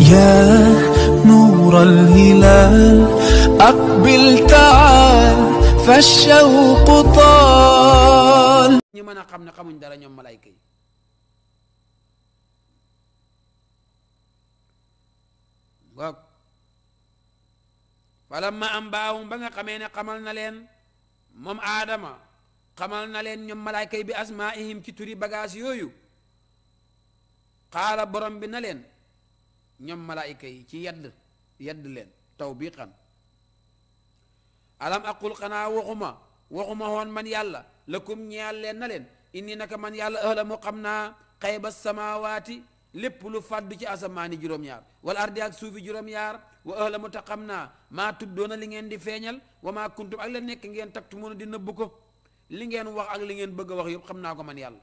يا نور الهلال أقبل تعال فالشوق طال ñu mën a xam ne xamuñ dara ñoom malayka yi boog falamma ambaahum ba nga xamee ne xamal na leen moom aadama xamal na leen ñoom malayka yi bi asmaihim ci turi bagage yooyu xaala borom bi na leen ñoom malaayika yi ci yedd yedd leen taw bii tawbiqan alam aqul xanaa waxuma waxuma hoon man yàlla lakum ñeel leen na leen inni naka man yàlla ëhlamu xam naa xayba samaawaati lépp lu fàddu ci asamaani juróom-ñaar wala ardi ak suufi juróom yaar wa ëhlamu ta xam naa maa tuddoona li ngeen di feeñal wa maa kuntum ak la nekk ngeen taktumuna di nëbb ko li ngeen wax ak li ngeen bëgg a wax yëpp xam naa ko man yàlla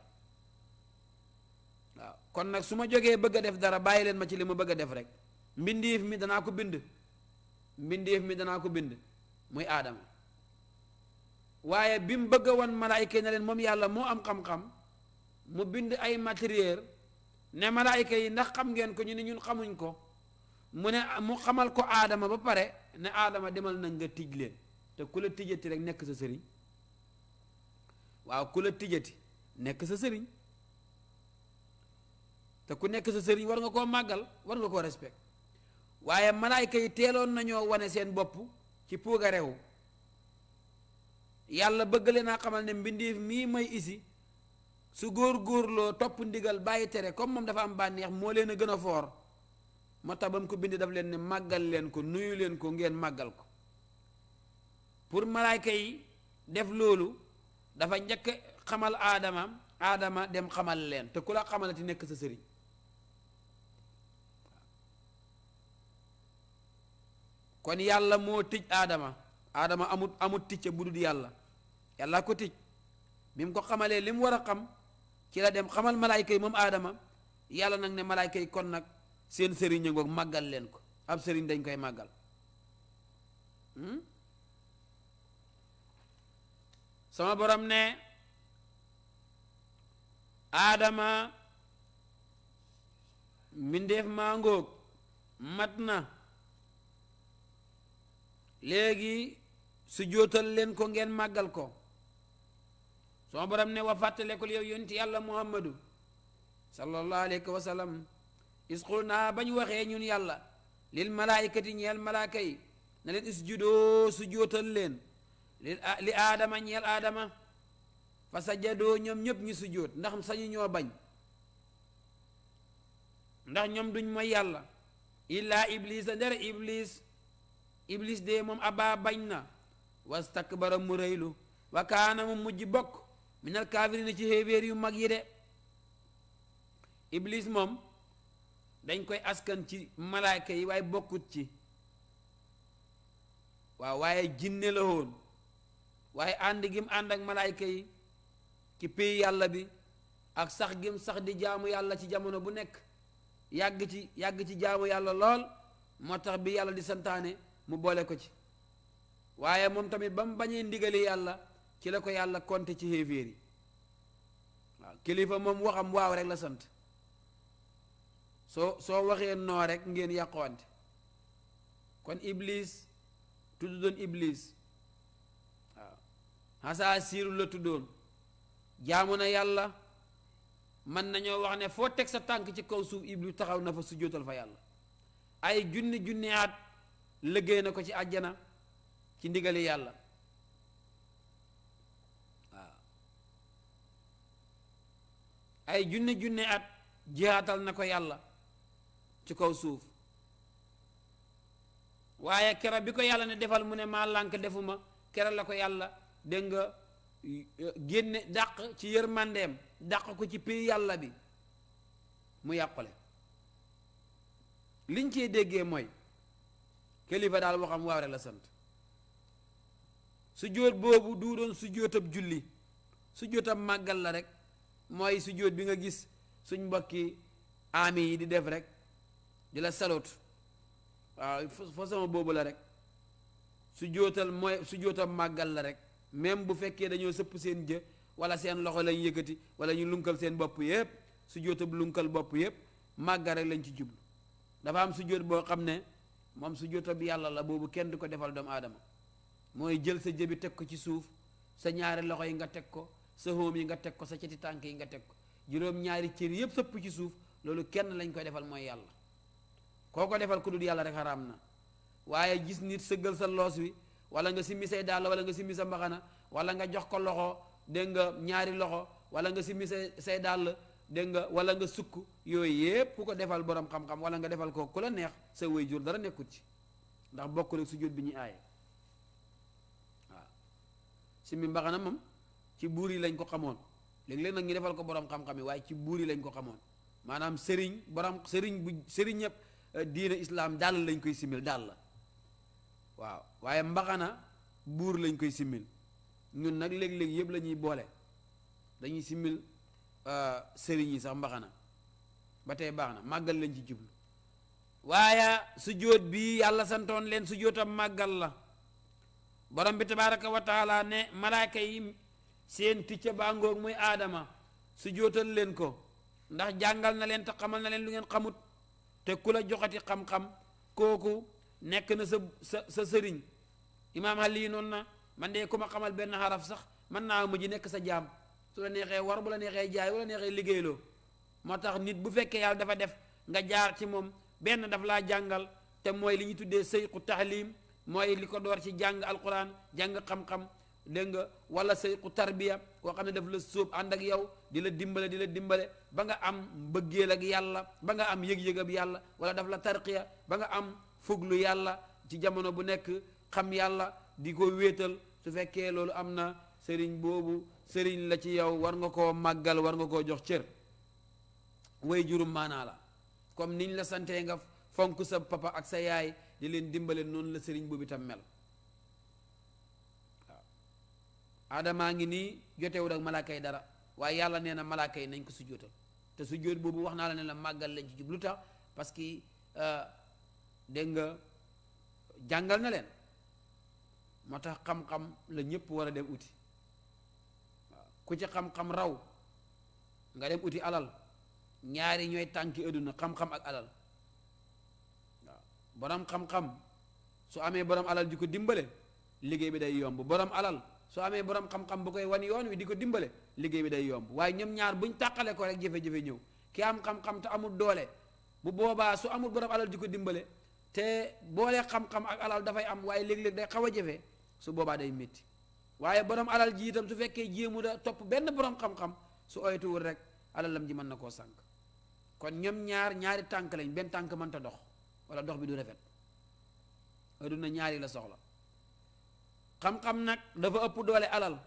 kon nag su ma jogee bëgg a def dara bàyyi leen ma ci li ma bëgg a def rek mbindeef mi danaa ko bind mbindeef mi danaa ko bind muy aadama waaye bi mu bëgg a wan malaayka yi ne leen moom yàlla moo am xam-xam mu bind ay matériel ne malaayka yi ndax xam ngeen ko ñu ne ñun xamuñ ko mu ne mu xamal ko aadama ba pare ne aadama demal na nga tij leen te ku la tijjati rek nekk sa sëriñ waaw ku la tijjati nekk sa sëriñ te ku nekk sa sëriñ war nga koo màggal war nga koo respect waaye malaayka yi teeloon nañoo wane seen bopp ci puugarewu yàlla bëgg leen a xamal ne mbindeef mii may isi su góor góorloo topp ndigal bàyyi tere comme moom dafa am bànneex moo leen a gën a foor moo tax ba mu ko bind daf leen ne màggal leen ko nuyu leen ko ngeen màggal ko pour malaayka yi def loolu dafa njëkk xamal aadama aadama dem xamal leen te ku la xamalati nekk sa sëriñ kon yàlla moo tij aadama aadama amut amut ticca bu dul yàlla yàlla ko tij bi ko xamalee lim war a xam ci la dem xamal malaayka yi moom aadama yàlla nag ne malaayka yi kon nag seen sëriñ a ngoog màggal leen ko ab sëriñ dañ koy màggal hmm? sama borom ne aadama mbindeef maa mat na léegi su jootal leen ko ngeen màggal ko soo borom ne wa fàttalekul yow yonti yàlla muhammadu sallallahu alayhi wa sallam isqul naa bañ waxee ñun yàlla lil malaayikati ñeel malaaka yi na leen isjudoo su jootal leen li aadama ñeel aadama fa sajadoo ñoom ñëpp ñu su joot ndax sañu ñoo bañ ndax ñoom duñ mooy yàlla illaa iblisa ndere iblis iblis de moom abaa bañ na wastakbara mu réylu wa kaana mujj bokk minal kaafirina ci xéeféer yu mag yi de iblis moom dañ koy askan ci malaayka yi waaye bokkut ci waaw waaye jinne la woon waaye ànd gi mu ànd ak malaayka yi ci pay yàlla bi ak sax gi mu sax di jaamu yàlla ci jamono bu nekk yàgg ci yàgg ci jaamu yàlla lool moo tax bi yàlla di santaane mu boole ko ci waaye moom tamit ba mu bañee ndigali yàlla ci la ko yàlla konte ci xéeféer yi waaw kilifa moom waxam waaw rek la sant soo soo waxee noo rek ngeen yàqoonte kon iblis tudd doon iblis waaw xasaa siiru la tuddoon jaamu na yàlla mën nañoo wax ne foo teg sa tànk ci kaw suuf iblis taxaw na fa sujjóotal fa yàlla ay junni junni liggéey na ko ci àjjana ci ndigali yàlla waaw ay junne junne at jihaatal na ko yàlla ci kaw suuf waaye kera bi ko yàlla ne defal mu ne maa lànk defuma kera la ko yàlla dégg nga génne dàq ci yërmandeem dàq ko ci pays yàlla bi mu yàqule liñ cee déggee mooy kilifa daal waxam waaw rek la sant sujjóot boobu du doon sujjóotab julli sujjóotab màggal la rek mooy sujjóot bi nga gis suñ mbokki aami yi di def rek di la saloot waaw façon boobu la rek sujjóotal mooy sujjóotab màggal la rek même bu fekkee dañoo sëpp seen jë wala seen loxo lañ yëkkati wala ñu lunkal seen bopp yépp sujjóotab lunkal bopp yépp màggal rek lañ ci jublu dafa am sujjóot boo xam ne moom su jota bi yàlla la boobu kenn du ko defal doomu aadama mooy jël sa jëbi teg ko ci suuf sa ñaari loxo yi nga teg ko sa xóom yi nga teg ko sa cati tànk yi nga teg ko juróom ñaari cër yëpp sëpp ci suuf loolu kenn lañ koy defal mooy yàlla koo ko defal ku dul yàlla rek xaraam na waaye gis nit sëggal sa loos wi wala nga simmi say dàll wala nga simmi sa mbaxana wala nga jox ko loxo dégg nga ñaari loxo wala nga simmi say say dàll dégg nga wala nga sukk yooyu yépp ku ko defal boroom xam-xam wala nga defal ko ku la neex sa way jur dara nekkut ci ndax bokkul ak sujjóot bi ñuy aaye waaw simmi mbaxana moom ci buur yi lañ ko xamoon léeg-léeg nag ñu defal ko borom xam-xam yi waaye ci buur yi lañ ko xamoon maanaam sëriñ borom sëriñ bu sëriñ ñëpp euh, diina islaam daal lañ koy simil daal la waaw waaye mbaxana buur lañ koy simil ñun nag léeg-léeg yëpp lañuy ñuy boole dañuy simil Euh, sëriñ yi sax mbaxana ba tey baax na màggal lañ ci jublu waaye sujjóot bii yàlla santoon leen sujjóotam màggal la borom bi tabaraka wa taala ne malaaka yi seen ticca baa ngoog muy aadama sujjóotal leen ko ndax jàngal na leen te xamal na leen lu ngeen xamut te ku la joxati xam-xam kooku nekk na sa sa sa sëriñ imaam Ali noon na man de ku ma xamal benn xaraf sax mën naa mujj nekk sa jaam su la neexee war bu la neexee jaay bu la neexee liggéeyloo moo tax nit bu fekkee yàlla dafa def nga jaar ci moom benn daf laa jàngal te mooy li ñu tuddee sëyqu taxliim mooy li ko door ci jàng alquran jàng xam-xam dégg nga wala sëyqu tarbiya koo xam ne daf la sóob ànd ak yow di la dimbale di la dimbale ba nga am mbëggeel ak yàlla ba nga am yëg-yëg yàlla wala daf la tarqiya ba nga am fuglu yàlla ci jamono bu nekk xam yàlla di ko wéetal su fekkee loolu am na sëriñ boobu sëriñ la ci yow war nga koo màggal war nga koo jox cër way jurum maanaa la comme niñ la santee nga fonk sa papa ak sa yaay di leen dimbale noonu la sëriñ boobu itam mel waaw aadamaa ngi nii jotewul ak malaaka yi dara waaye yàlla nee na malaaka nañ ko sujjóotal te sujjóot boobu wax naa la ne la màggal lañ ci jub lu tax parce que euh, dégg nga jàngal na leen moo tax xam-xam la ñëpp war a dem uti ku ci xam-xam raw nga dem uti alal ñaari ñooy tànki adduna xam-xam ak alal waaw borom xam-xam su amee borom alal di ko dimbale liggéey bi day yomb borom alal su amee borom xam bu koy wan yoon wi di ko dimbale liggéey bi day yomb waaye ñoom ñaar buñ tàqalee ko rek jafe-jafe ñëw ki am xam-xam te amul doole bu boobaa su amul borom alal di ko dimbale te boole xam-xam ak alal dafay am waaye léeg-léeg day xaw a jafe su boobaa day métti waaye borom alal ji itam su fekkee jéemu da topp benn borom xam-xam su oytuwul rek alalam ji mën na koo sànq kon ñoom ñaar ñaari tànk lañ benn tànk mënta dox wala dox bi du rafet aduna ñaari la soxla xam-xam nag dafa ëpp doole alal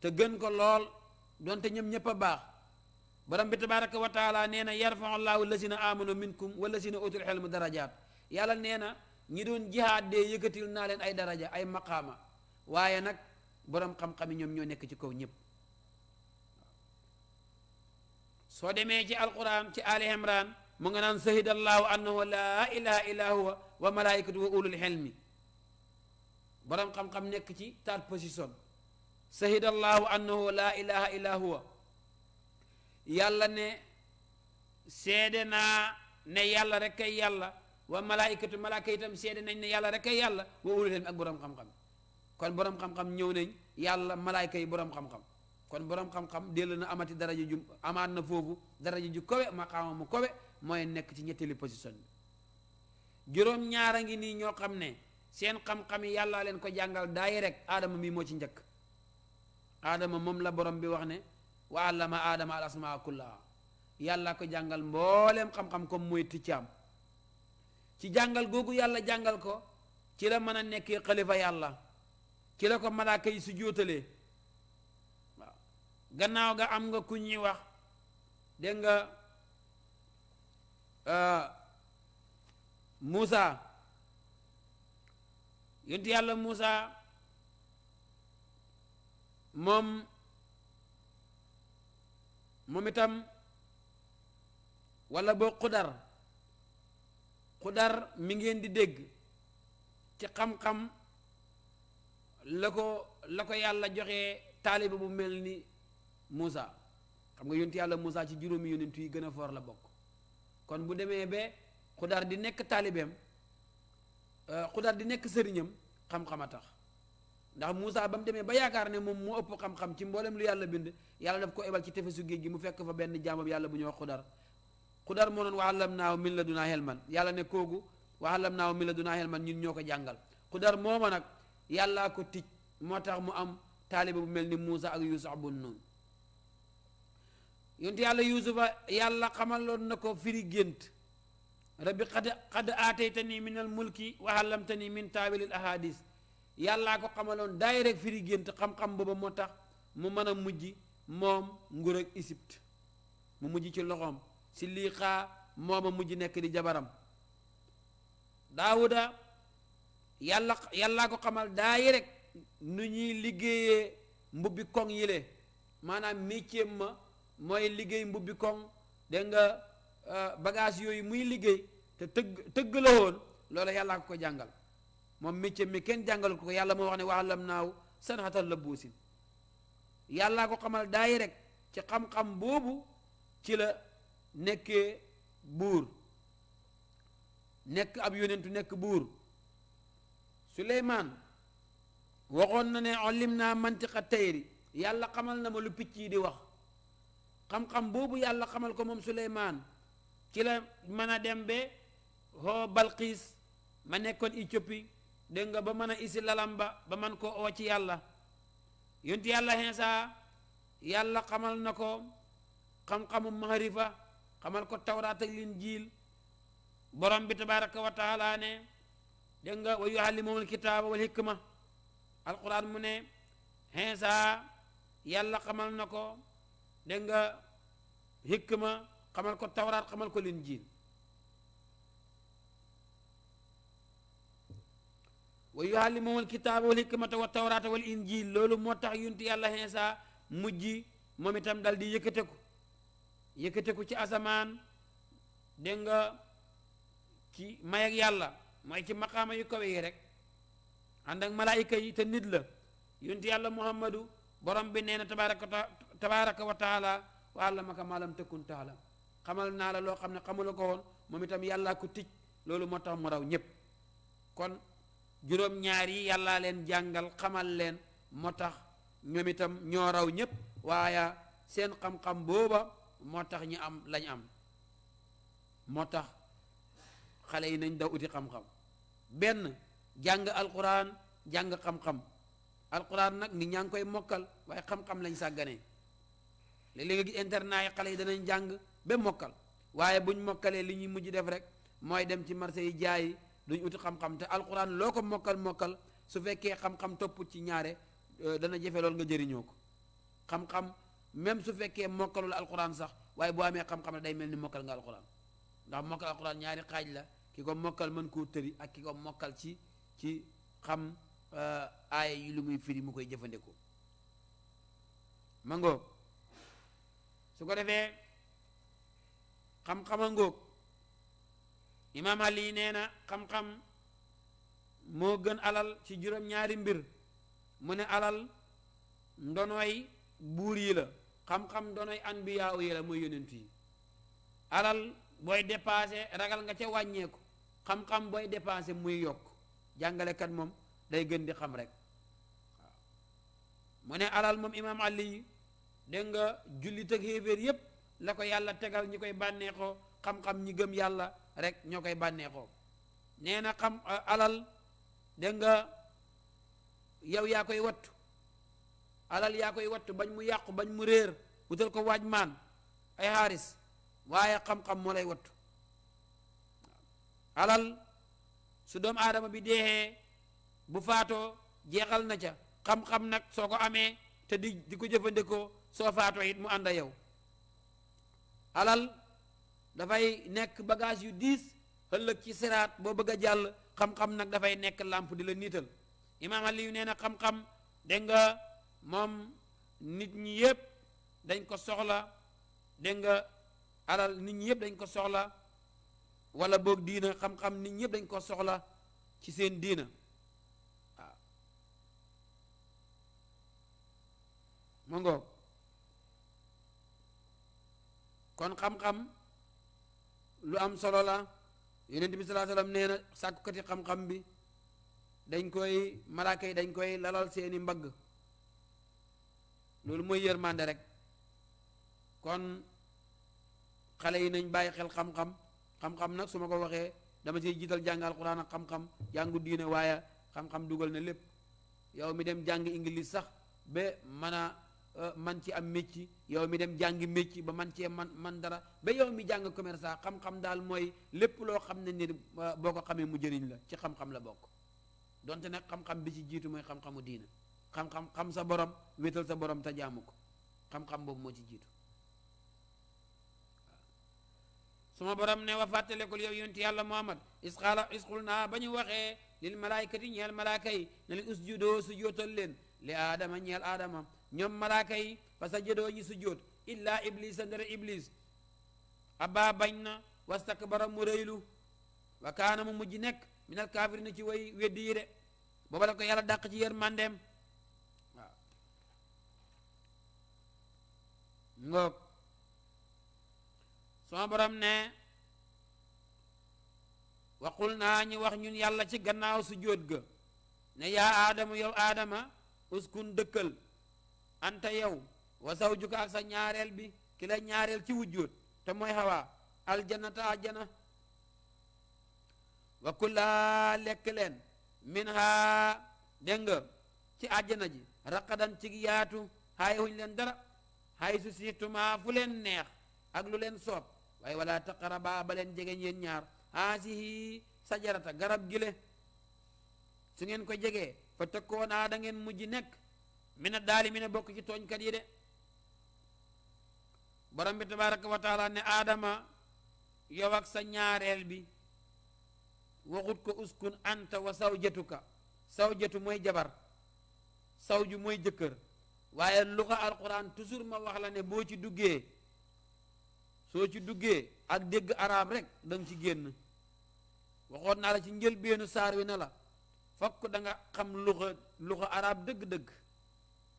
te gën ko lool donte ñoom ñëpp a baax borom bi tabaraka wa taala nee na yarfau llahu lazina amanu minkum walazina utul xelmu darajaat yàlla nee na ñi doon jihaad dee yëkkatil naa leen ay daraja ay maqaama waaye nag boroom xam-xam yi ñoom ñoo nekk ci kaw ñëpp soo demee ci alquran ci ali imran mu nga naan sahida allahu annahu laa ilaha illa huwa wa malaikatu wa ulul xelmi boroom xam-xam nekk ci third position sahida allahu annahu laa ilaha illa huwa yàlla ne seede naa ne yàlla rek kay yàlla wa malaikatu malaaka itam seede nañ ne yàlla rek kay yàlla wa ulul xelmi ak boroom xam-xam kon borom xam-xam ñëw nañ yàlla malaayka yi borom xam-xam kon borom xam-xam dellu na amati daraja ju amaat na foofu daraja ju kowe ma mu kowe mooy nekk ci ñetteelu position bi ngi nii ñoo xam ne seen xam-xam yi yàllaa leen ko jàngal daay rek aadama mii moo ci njëkk aadama moom la borom bi wax ne wa allama aadama al ko jàngal mbooleem xam-xam comme mooy ticcaam ci jàngal googu yàlla jàngal ko ci la mën a nekkee xalifa yàlla ki ko malaaka yi su jóotalee gannaaw ga am nga ku ñuy wax dégg nga euh, Moussa yontu yàlla Moussa moom moom itam wala boo xudar xudar mi ngeen di dégg ci xam-xam la ko la ko yàlla joxee taaliba bu mel ni Moussa xam nga yonent yàlla Moussa ci juróomi yonent yi gën a foor la bokk kon bu demee be xudar di nekk taalibeem xudar euh, di nekk sëriñam xam-xam a tax ndax Moussa ba mu demee ba yaakaar ne moom moo ëpp xam-xam ci mboolem lu yàlla bind yàlla daf ko ebal ci tefesu géej gi mu fekk fa benn jaamam yàlla bu ñuy wax xudar xudar moo doon naaw min la dunaa xelman yàlla ne kooku waxalam naaw min la dunaa xelman ñun ñoo ko jàngal yàllaa ko tij moo tax mu am taaliba bu mel ni Muusa ak Yuusuf bun Nuun yontu yàlla yusufa yàlla xamaloon na ko firi gént rabbi xad xad aataytani min al mulki wa allamtani min taawilil ahadis yàllaa ko xamaloon daay rek firi gént xam-xam booba moo tax mu mën a mujj moom nguur ak Égypte mu mujj ci loxoom si lii xaa mooma mujj nekk di jabaram daawuda yàlla yàllaa ko xamal daay rek nu ñuy liggéeyee mbubbi koŋ yile maanaam métier ma mooy liggéey mbubbi koŋ dégg nga euh, bagage yooyu muy liggéey te tëgg tëgg la woon loolu yàllaa ko ko jàngal moom métier mi kenn jàngal ko yàlla moo wax ne waalam naaw sanaxatal la buusin yàllaa ko xamal daay rek ci xam-xam boobu ci la nekkee buur nekk ab yonentu nekk buur suleymaan waxoon na ne ollim naa mantiqa tayri yàlla xamal na ma lu picc yi di wax xam-xam boobu yàlla xamal ko moom suleymaan ci la a dem be hoo balxiis ma nekkoon Éthiopie dégg nga ba mën a isi lalam ba man ko oo ci yàlla yonti yàlla xinsa yàlla xamal na ko xam-xamu maharifa xamal ko tawraat ak jiil borom bi tabaraka wa taala ne dégg nga wa yuallimuhumul kitaaba wal hikma alquran mu ne xinsa yàlla xamal na ko dégg nga hikma xamal ko tawraat xamal ko linjiil wa yuallimuhumul kitaaba wal hikmata wa tawraata wal injiil loolu moo tax yunti yàlla xinsa mujj moom itam dal di yëkkateku yëkkateku ci asamaan dégg nga ci may ak yàlla mooy ci maqaama yu kawe yi rek ànd ak malaayika yi te nit la yonent yàlla muhammadu borom bi nee na tabaaraka tabaaraka wa taala wa allamaka maa lam takun taalam xamal naa la loo xam ne xamula ko woon moom itam yàllaa ko tij loolu moo tax mu raw ñépp kon juróom ñaar yi yàllaa leen jàngal xamal leen moo tax ñoom itam ñoo raw ñépp waaye seen xam-xam booba moo tax ñu am lañ am moo tax xale yi nañ daw uti xam-xam benn jàng alxuraan jàng xam-xam alquran nag nit ñaa ngi koy mokkal waaye xam-xam lañ sàgganee léeg-léeg nga gis internat yi xale yi danañ jàng ba mokkal waaye buñ mokkalee li ñuy mujj def rek mooy dem ci marché yi jaay duñ uti xam-xam te alquran loo ko mokkal mokkal su fekkee xam-xam topp ci ñaare euh, dana jafe lool nga jëriñoo ko xam-xam même su fekkee mokkalul alquran sax waaye boo amee xam-xam la day mel ni mokkal nga alquran ndax mokkal alquran ñaari xaaj la ki ko mokkal mën koo tëri ak ki ko mokkal ci ci xam eh, aaya yi muy firi mu koy jëfandikoo mangoo su ko defee xam-xama ngóog imaam Ali nee na xam moo gën alal ci juróom-ñaari mbir mu ne alal ndonoy buur yila la xam-xam donoy anbiyaaw yi la mooy yonent yi alal booy dépassé ragal nga ca wàññeeku xam-xam booy dépensé muy yokk jàngale kat moom day gën di xam rek waaw mu ne alal moom imaam Ali yi dégg nga jullit ak xéeféer yépp la ko yàlla tegal ñi koy bànneexoo xam-xam ñi gëm yàlla rek ñoo koy bànneexoo nee na xam alal dégg nga yow yaa koy wattu alal yaa koy wattu bañ mu yàqu bañ mu réer wutal ko waaj maan ay xaaris waaye xam-xam moo lay wattu alal su doomu aadama bi deexee bu faatoo jeexal na ca xam-xam nag soo ko amee te di di ko jëfandikoo soo faatoo mu ànd a yow alal dafay nekk bagage yu diis ëllëg ci siraat boo bëgg a jàll xam-xam nag dafay nekk làmp di la niital imaam Aliyu nee na xam-xam dégg nga moom nit ñi yëpp dañ ko soxla dégg nga alal nit ñi yëpp dañ ko soxla wala boog diina xam-xam nit ñëpp dañ koo soxla ci seen diina waaw ma kon xam-xam lu am solo la yeneen bi salaa sallam nee na sàkkukati xam-xam bi dañ koy malaaka yi dañ koy lalal seeni mbagg loolu mooy mànde rek kon xale yi nañ bàyyi xel xam-xam xam-xam nag su ma ko waxee dama ciy jiital jàng alquran ak xam-xam jàngu diine waaye xam-xam dugal na lépp yow mi dem jàng anglais sax ba mën a euh, man ci am mécc yow mi dem jàngi mécc ba man cee man man dara ba yow mi jàng commerce xam-xam daal mooy lépp loo xam ne ni euh, boo ko xamee mu jëriñ la ci xam-xam la bokk donte nag xam-xam bi ci jiitu mooy xam-xamu diina xam-xam sa borom wéetal sa borom te jaamu ko xam-xam boobu moo ci jiitu suma borom ne wa fàttalikul yow yonti yàlla muhammad isqaala isqul naa ba ñu waxee lil malaayikati ñeel malaaka yi ne leen usjudoo sujootal leen li aadama ñeel aadama ñoom malaaka yi fa sajadoo ñi sujoot illaa iblis a ndara iblis abaa bañ na wastakbara mu rëylu wa kaana mu mujj nekk minal kaafirina ci way weddi yi de booba la ko yàlla dàq ci yër mandeem waaw sama borom ne waxul naa ñu wax ñun yàlla ci gannaaw su jóot ga ne yaa aadama yow aadama uskun dëkkal anta yow wa zawjuka ak sa ñaareel bi kila ñaareel ci wujjóot te mooy xawaa aljanata ajjana wa kullaa lekk leen min haa dégg nga ci àjjana ji raqadan ci yaatu xaayi huñ leen dara xaayi su siitumaa fu leen neex ak lu leen soob waaye wala taqaraba ba leen jegeñ yéen ñaar haasihi sajarata garab gile su ngeen ko jegee fa takkoonaa ah, da ngeen mujj nekk mi na daali mi ne bokk ci tooñkat yi de borom bi tabaraka wa ne aadama yow ak sa ñaareel bi waxut ko uskun anta wa sawjatuka sawjatu mooy jabar sawju mooy jëkkër waaye lu ko alquran toujours ma wax la ne boo ci duggee soo ci duggee ak dégg araab rek da ci génn waxoon naa la ci njëlbeenu saar wi ne la fokk da nga xam luxa araab dëgg-dëgg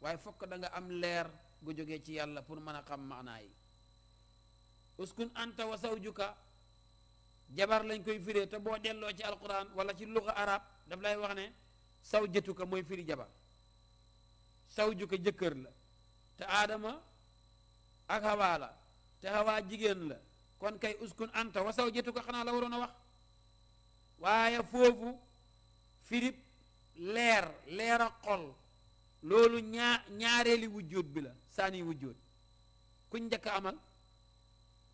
waaye fokk danga am leer gu jógee ci yàlla pour mën a xam maanaay yi uskun anta wa sawjuka jabar lañ koy firee te boo delloo ci alquran wala ci luxa araab daf lay wax ne saw jëtuka mooy firi jabar saw juka jëkkër la te aadama ak xawaa la te xawaa jigéen la kon kay uskun anta wasaw wa ko xanaa la waroon a wax waaye foofu firib leer leer xol loolu ñaa ñaareeli wujjóot bi la saani wujjóot kuñ njëkk amal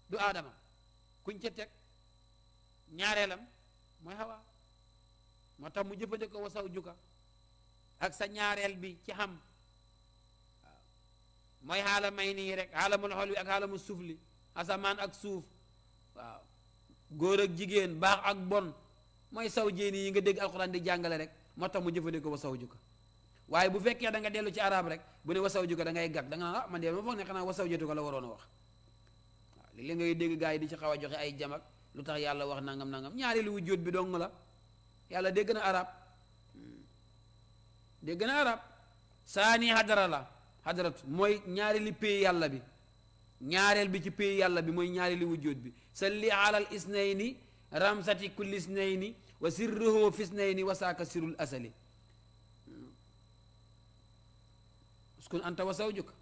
du aadama kuñ ca teg ñaareelam mooy xawaa moo tax mu jëfandikoo wasaw juka ak sa ñaareel bi ci xam mooy xaala may nii rek xaalamul xol wi ak xaalamul suufli asamaan ak suuf waaw góor ak jigéen baax ak bon mooy saw jéeni yi nga dégg alxuraan di jàngale rek moo tax mu jëfandikoo wasaw ju ko waaye bu fekkee da nga dellu ci arab rek bu ne wasaw ju ko dangay ngay gàgg da nga ah man de ma foog ne xanaa wasaw jotu ko la waroon a wax waaw léeg ngay dégg gars yi di ci xaw a joxe ay jamag lu tax yàlla wax nangam nangam ñaari lu wujjóot bi dong la yàlla dégg na arab hmm. dégg na arab saani xadaratu mooy ñaareeli pay yàlla bi ñaareel bi ci pay yàlla bi mooy ñaareeli wujjóot bi salli alal isnayni ramsati kulli isnayni wa sirruhu fi isnayni wa saaka sirul asali uskun anta wa sawjuka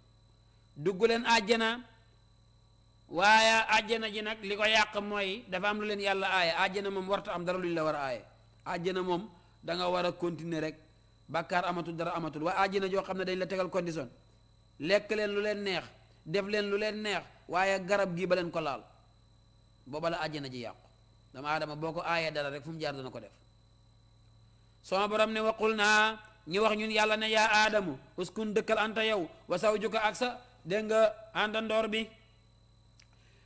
dugg leen àjjana waaye àjjana ji nag li ko yàq mooy dafa am lu leen yàlla aaye àjjana moom warta am dara lu ñu la war a aaye àjjana moom da war a continuer rek bàkkaar amatul dara amatul waaye àjjana joo xam ne dañ la tegal condition lekk leen lu leen neex def leen lu leen neex waaye garab gi ba leen ko laal booba la àjjana ji yàqu dama aadama boo ko aayee dara rek fu mu jaar dana ko def soo borom ne waqul naa ñu wax ñun yàlla ne yaa aadamu uskun dëkkal anta yow wa sawjuka ak sa dégg nga àndandoor bi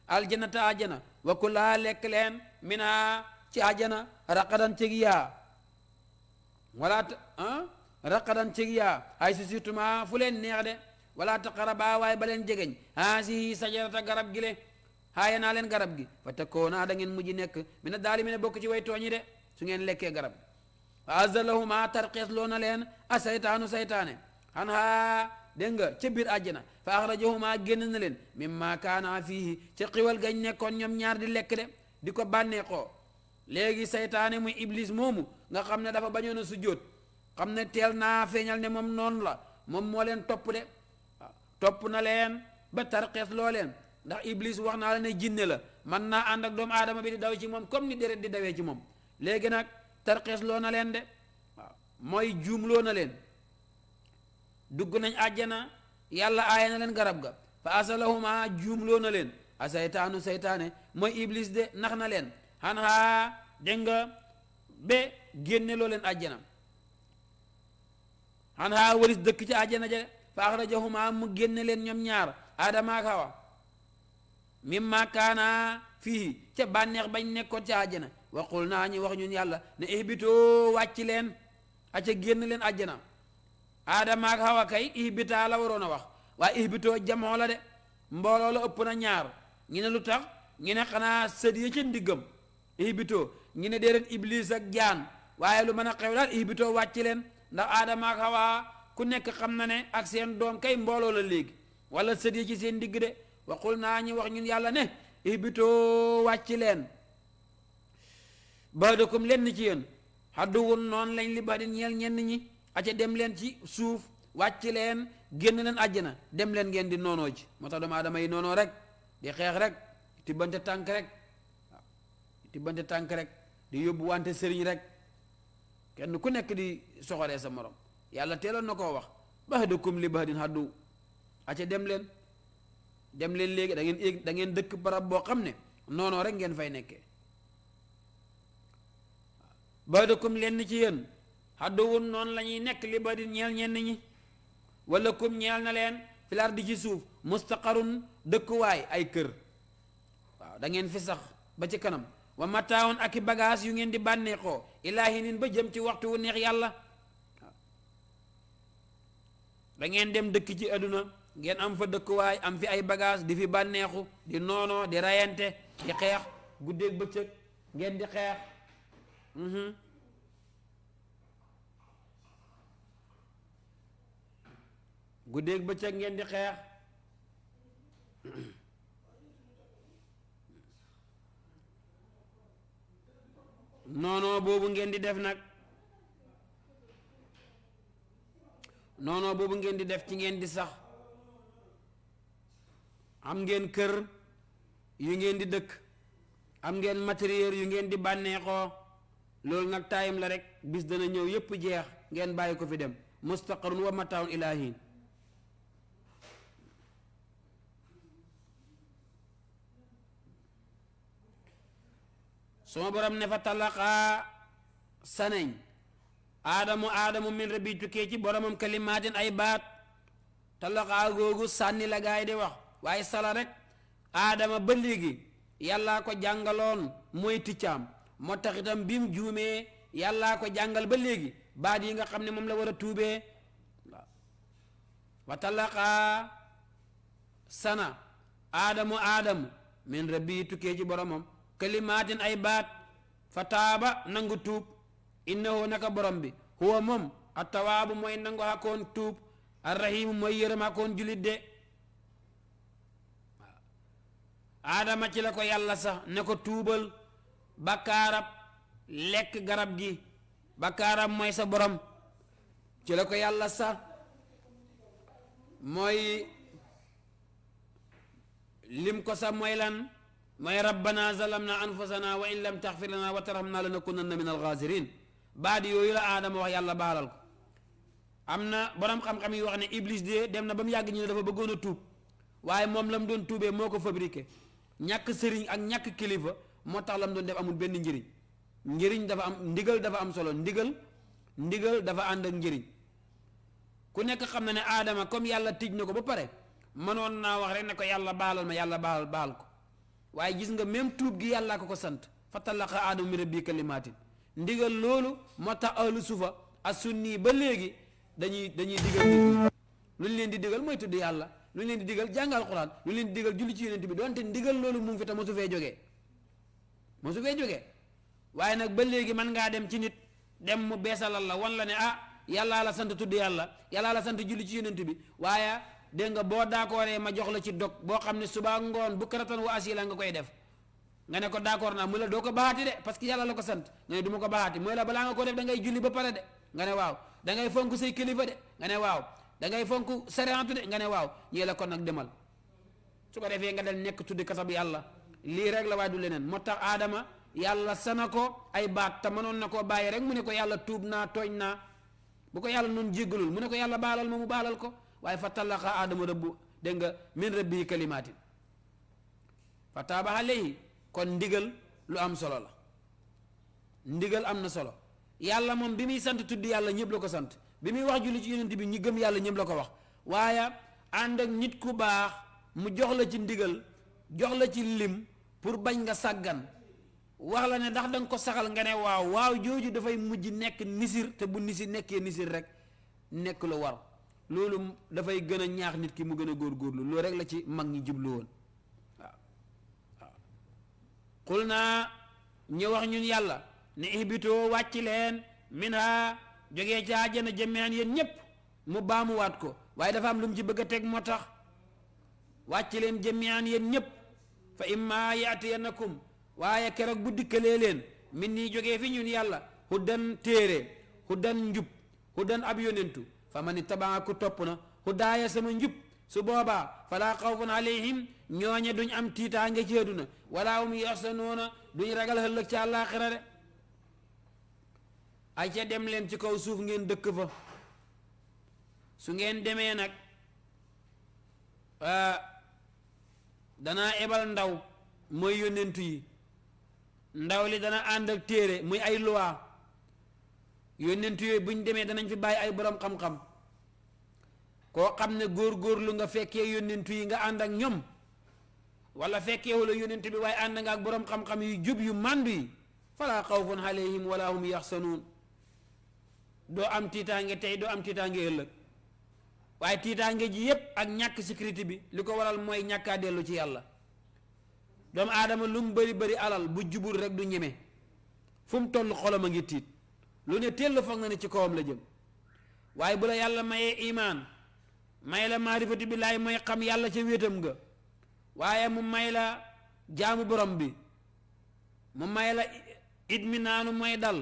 aljanata ajjana wa kulaa lekk leen mina ci ajjana raqadan cig yaa wala ah, raqadan cig yaa ay si surtout fu leen neex de wala taqaraba waaye ba leen jegeñ haasihi sajarata garab gi le xaaye naa leen garab gi fa takoona dangeen ngeen mujj nekk mi ne daali mi ne bokk ci way tooñi de su ngeen lekkee garab gi fa azallahuma tarqees loo na leen a saytaanu seytaane xan haa dégg nga ca biir àjjana fa axrajahuma génn na leen mimma kaana fiihi ca xiwal gañ nekkoon ñoom ñaar di lekk de di ko bànneexoo léegi saytaane muy iblis moomu nga xam ne dafa bañoon a sujjóot xam ne teel naa feeñal ne moom noonu la moom moo leen topp topp na leen ba tarxees loo leen ndax iblis wax naa la ne jinne la man naa ànd ak doomu aadama bi di daw ci moom comme ni deret di dawee ci moom léegi nag tarxees loo na leen de waaw mooy juumloo na leen dugg nañ àjjana yàlla aaye na leen garab ga fa asalahuma juumloo na leen a seytaanu saytaane mooy iblis de nax na leen xan xaa dégg nga ba génne loo leen àjjana xan xaa waris dëkk ci àjjana ja fa axrajahuma mu génne leen ñoom ñaar aadama ak hawa mimma kaana fii ca bànneex bañ nekkoon ca àjjana waxul naa ñu wax ñun yàlla ne ihbitoo wàcc leen aca génn leen àjjana aadama ak hawa kay ihbitaa la waroon a wax waaye ihbitoo jamoo la de mbooloo la ëpp na ñaar ñu ne lu tax ñu ne xanaa sët ya ca ndiggam ihbitoo ñu ne déedéet ak jaan waaye lu mën a daal ihbitoo wàcc leen ndax aadama hawa ku nekk xam na ne ak seen doom kay mbooloo la léegi wala sët ci seen digg de waxul naa ñu wax ñun yàlla ne ibitoo wàcc leen badakum lenn ci yéen xadduwun noon lañ li badin ñeel ñi aca dem leen ci suuf wàcc leen génn leen àjjana dem leen ngeen di noonoo ji moo tax doomu aadama noonoo rek di xeex rek tibbante tànk rek waaw tibbante tànk rek di yóbbu wante sëriñ rek kenn ku nekk di soxoree sa morom yàlla teeloon na koo wax baxdakum li baxdin haddu aca dem leen dem leen léegi da ngeen éeg dëkk barab boo xam ne noonoo rek ngeen fay nekkee baxdakum lenn ci yéen haddu wun noonu la ñuy nekk li baxdin ñeel ñenn ñi wala kum ñeel na leen filar di ci suuf mustaqarun dëkkuwaay ay kër waaw dangeen fi sax ba ci kanam wa mataawoon ak i bagage yu ngeen di bànneexoo ilaahi nin ba jëm ci waxtu wu neex yàlla da ngeen dem dëkk ci àdduna ngeen am fa dëkkuwaay am fi ay bagage di fi bànneexu di noonoo di rayante di xeex guddeeg di xeex mhm. guddeeg bëccëg ngeen di xeex noonoo boobu ngeen di def nag noonoo boobu ngeen di def ci ngeen di sax am ngeen kër yu ngeen di dëkk am ngeen matériel yu ngeen di bànneexoo loolu nag taayam la rek bis dana ñëw yépp jeex ngeen bàyyi ko fi dem mustaqarun wa mataun ilahin suma borom ne fa talaqaa saneñ aadamu aadamu min rabbi tukkee ci boromam kalimaatin ay baat talaqaa googu sànni la gaay di wax waaye sala rek aadama ba léegi yàllaa ko jàngaloon mooy ticcaam moo tax itam bi mu juumee yàllaa ko jàngal ba léegi baat yi nga xam ne moom la war a tuubee waaw wa sana aadamu aadamu min rabbi tukkee ci boromam kalimaatin ay baat fa taaba nangu tuub innahu naka borom bi huwa moom a tawaabu mooy nangu akoon tuub arrahimu mooy yërëm akoon julit de aadama ci la ko yàlla sax ne ko tuubal bakkaarab lekk garab gi bakkaarab moy sa borom ci la ko yàlla sax mooy lim ko sax mooy lan mooy rabbana zalamna anfusana wa in lam taxfir lana wa tarhamna min alxaasirin baat yooyu la aadama wax yàlla baalal ko am na borom xam-xam yi wax ne iblis de dem na ba mu yàgg ñu ne dafa bëggoon a tuub waaye moom la mu doon tuubee moo ko fabriqué ñàkk sëriñ ak ñàkk kilifa moo tax la mu doon def amul benn njëriñ njëriñ dafa am ndigal dafa am solo ndigal ndigal dafa ànd ak njëriñ ku nekk xam na ne aadama comme yàlla tij na ko ba pare mënoon naa wax rek ne ko yàlla baalal ma yàlla baal baal ko waaye gis nga même tuub gi yàllaa ko ko sant fa talaqa aadama mi rabbi kalimaatin ndigal loolu moo tax ahlu sufa ak nii ba léegi dañuy dañuy digal nit lu ñu leen di digal mooy tudd yàlla lu ñu leen di digal jàngal alquran lu ñu leen di digal julli ci yonent bi donte ndigal loolu mu ngi fi te mosu fee jógee mosu jógee waaye nag ba léegi mën ngaa dem ci nit dem mu beesalal la wan la ne ah yàllaa la sant tudd yàlla yàllaa la sant julli ci yonent bi waaye dégg nga boo daakooree ma jox la ci dog boo xam ne subaa ngoon bu karatan wa la nga koy def nga ne ko d'accord naa mu la doo ko baaxaati de parce que yàlla la ko sant nga ne du ma ko baaxaati mooy la balaa nga ko def da ngay julli ba pare de nga ne waaw da fonk say de nga ne waaw da ngay fonk sariyantu nga ne waaw ñii la kon nag demal su ko defee nga del nekk tuddi katab yàlla lii rek la waaye du leneen moo tax aadama yàlla sana ko ay baat te mënoon na koo bàyyi rek mu ne ko yàlla tuub naa tooñ naa bu ko yàlla noonu jéggalul mu ne ko yàlla baalal ma mu baalal ko waaye fa talaqa aadama rëbbu dégg nga min rabbi kalimaatin kon ndigal lu am solo la ndigal am na solo yàlla moom bi muy sant tudd yàlla ñëpp la ko sant bi muy wax julli ci yonent bi ñi gëm yàlla ñëpp la ko wax waaye ànd ak nit ku baax mu jox la ci ndigal jox la ci lim pour bañ nga sàggan wax la ne ndax da ko saxal nga ne waaw waaw jooju dafay mujj nekk nisir te bu nisir nekkee nisir rek nekk lu war loolu dafay gën a ñaax nit ki mu gën a góorgóorlu loolu rek la ci mag ñi jublu woon xul naa ñu wax ñun yàlla ne ihbitoo wàcc leen min ha jógee ca àjjana yéen ñépp mu baamuwaat ko waaye dafa am lu ci bëgg a teg moo tax wàcc leen jëmeen yéen ñépp fa at imma yaatiyannakum waaye keroog bu dikkalee leen min nii jógee fi ñun yàlla huddan téere huddan njub huddan ab yónentu fa ma ni ittabaa ku topp na hudaaya sama njub su boobaa falaa xawfun alayhim ñooñe duñ am tiitaange ci àdduna wala hum noona duñ ragal ëllëg ci àllaaxira de ay ca dem leen ci kaw suuf ngeen dëkk fa su ngeen demee nag ah, danaa ebal ndaw mooy yónnentu yi ndaw li dana ànd ak téere muy ay loi yónnentu yooyu buñ demee danañ fi bàyyi ay borom xam-xam koo xam ne góor góor lu nga fekkee yónnentu yi nga ànd ak ñoom wala fekkee wala yónnentu bi waaye ànd nga ak boroom xam-xam yu jub yu màndu yi falaa xaw xawfun alayhim wala hum yaxsanuun doo am tiitaange tey doo am tiitaange ëllëg waaye tiitaange ji yépp ak ñàkk sécurité bi li ko waral mooy ñàkkaa dellu ci yàlla doomu aadama lu mu bari bëri alal bu jubul rek du ñeme fu mu toll xolam a ngi tiit lu ne teel foog na ne ci kawam la jëm waaye bu may la maarifati billaahi mooy xam yàlla ca wéetam nga waaye mu may la jaamu borom bi mu may la it mi idminaanu mooy dal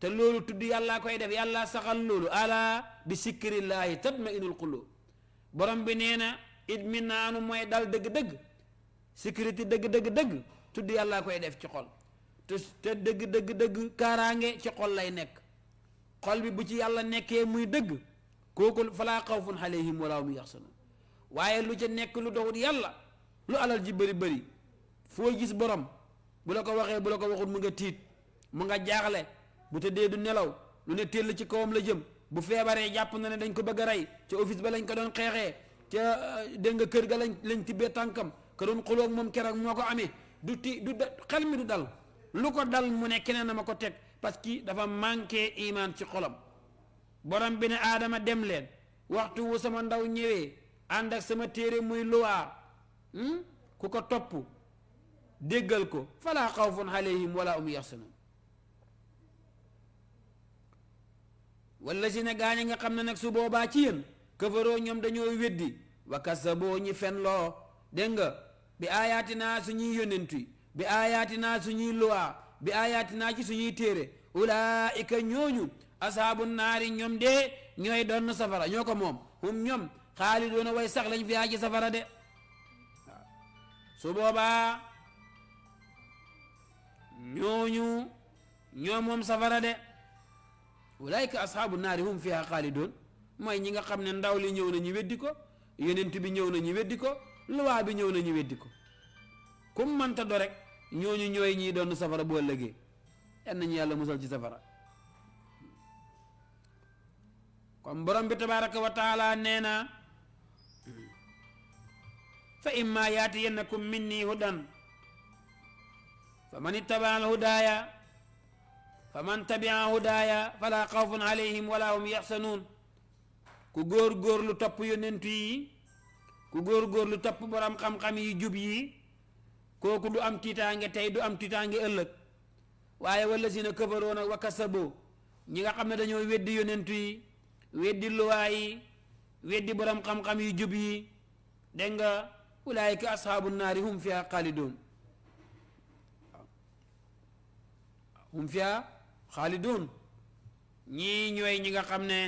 te loolu tudd yàllaa koy def yàlla saxal loolu ala bi sikkirillaahi tatma inul qulub borom bi nee na it idminaanu mooy dal dëgg-dëgg sécurité dëgg-dëgg-dëgg tudd yàllaa koy def ci xol te te dëgg-dëgg-dëgg kaaraange ci xol lay nekk xol bi bu ci yàlla nekkee muy dëgg kooku falaa xaw xawfun alayhim wala hum yaxsanun waaye lu ca nekk lu doxut yàlla lu alal ji bëri bëri foo gis borom bu la ko waxee bu la ko waxut mu nga tiit mu nga jaaxle bu tëddee du nelaw lu ne téll ci kawam la jëm bu feebaree jàpp na ne dañ ko bëgg a rey ca office ba lañ ko doon xeexee ca euh, dégg nga kër ga lañ lañ tibbee tànkam ka doon xulóog moom keroog moo ko amee du ti du xel mi du dal lu ko dal mu ne keneen na ma ko teg parce que dafa manqué imaan ci xolam borom bi ne aadama dem leen waxtu wu sama ndaw ñëwee ànd sama téere muy luwaar hmm? ku ko topp déggal ko falaa xawfun alayhim wala um yaxsanun wala si ne gaañi nga xam ne nag su boobaa ci yéen këfaroo ñoom dañoo weddi wa kasaboo ñi fenloo dégg nga bi aayaati naa suñuy yónnentu bi aayaati naa suñuy luwaa bi aayaati naa ci suñuy téere ulaa'ika ñooñu asaabu naari ñoom de ñooy doon safara ñoo ko moom hum ñoom xaalidoona way sax lañ fi ci safara de su boobaa ñooñu ñoo moom safara de ulaayka asaabu naari hum fiha xaalidoon mooy ñi nga xam ne ndaw li ñëw nañu weddi ko yonent bi ñëw nañu weddi ko luwaa bi ñëw na weddi ko kum manta do rek ñooñu ñooy ñii doon safara boo ëllëgee yan nañu yàlla musal ci safara kon borom bi tabaraka wa taala nee na fa imma yaatiyannakum minni hudan fa man ittabaa hudaaya fa man tabia hudaaya fala xawfun alayhim wala hum yaxsanuun ku góor góor lu topp yonent yi ku góor góor lu topp borom xam-xam yi jub yi kooku du am tiitaange tey du am tiitaange ëllëg waaye wala si na këfaroona wa kasabo ñi nga dañoo weddi yonent yi weddi luwaa yi weddi borom xam-xam yu jub yi dégg nga ulaayika ashaabu naari hum fiha xaalidoon hum fiha xaalidoon ñii ñooy ñi nga xam ne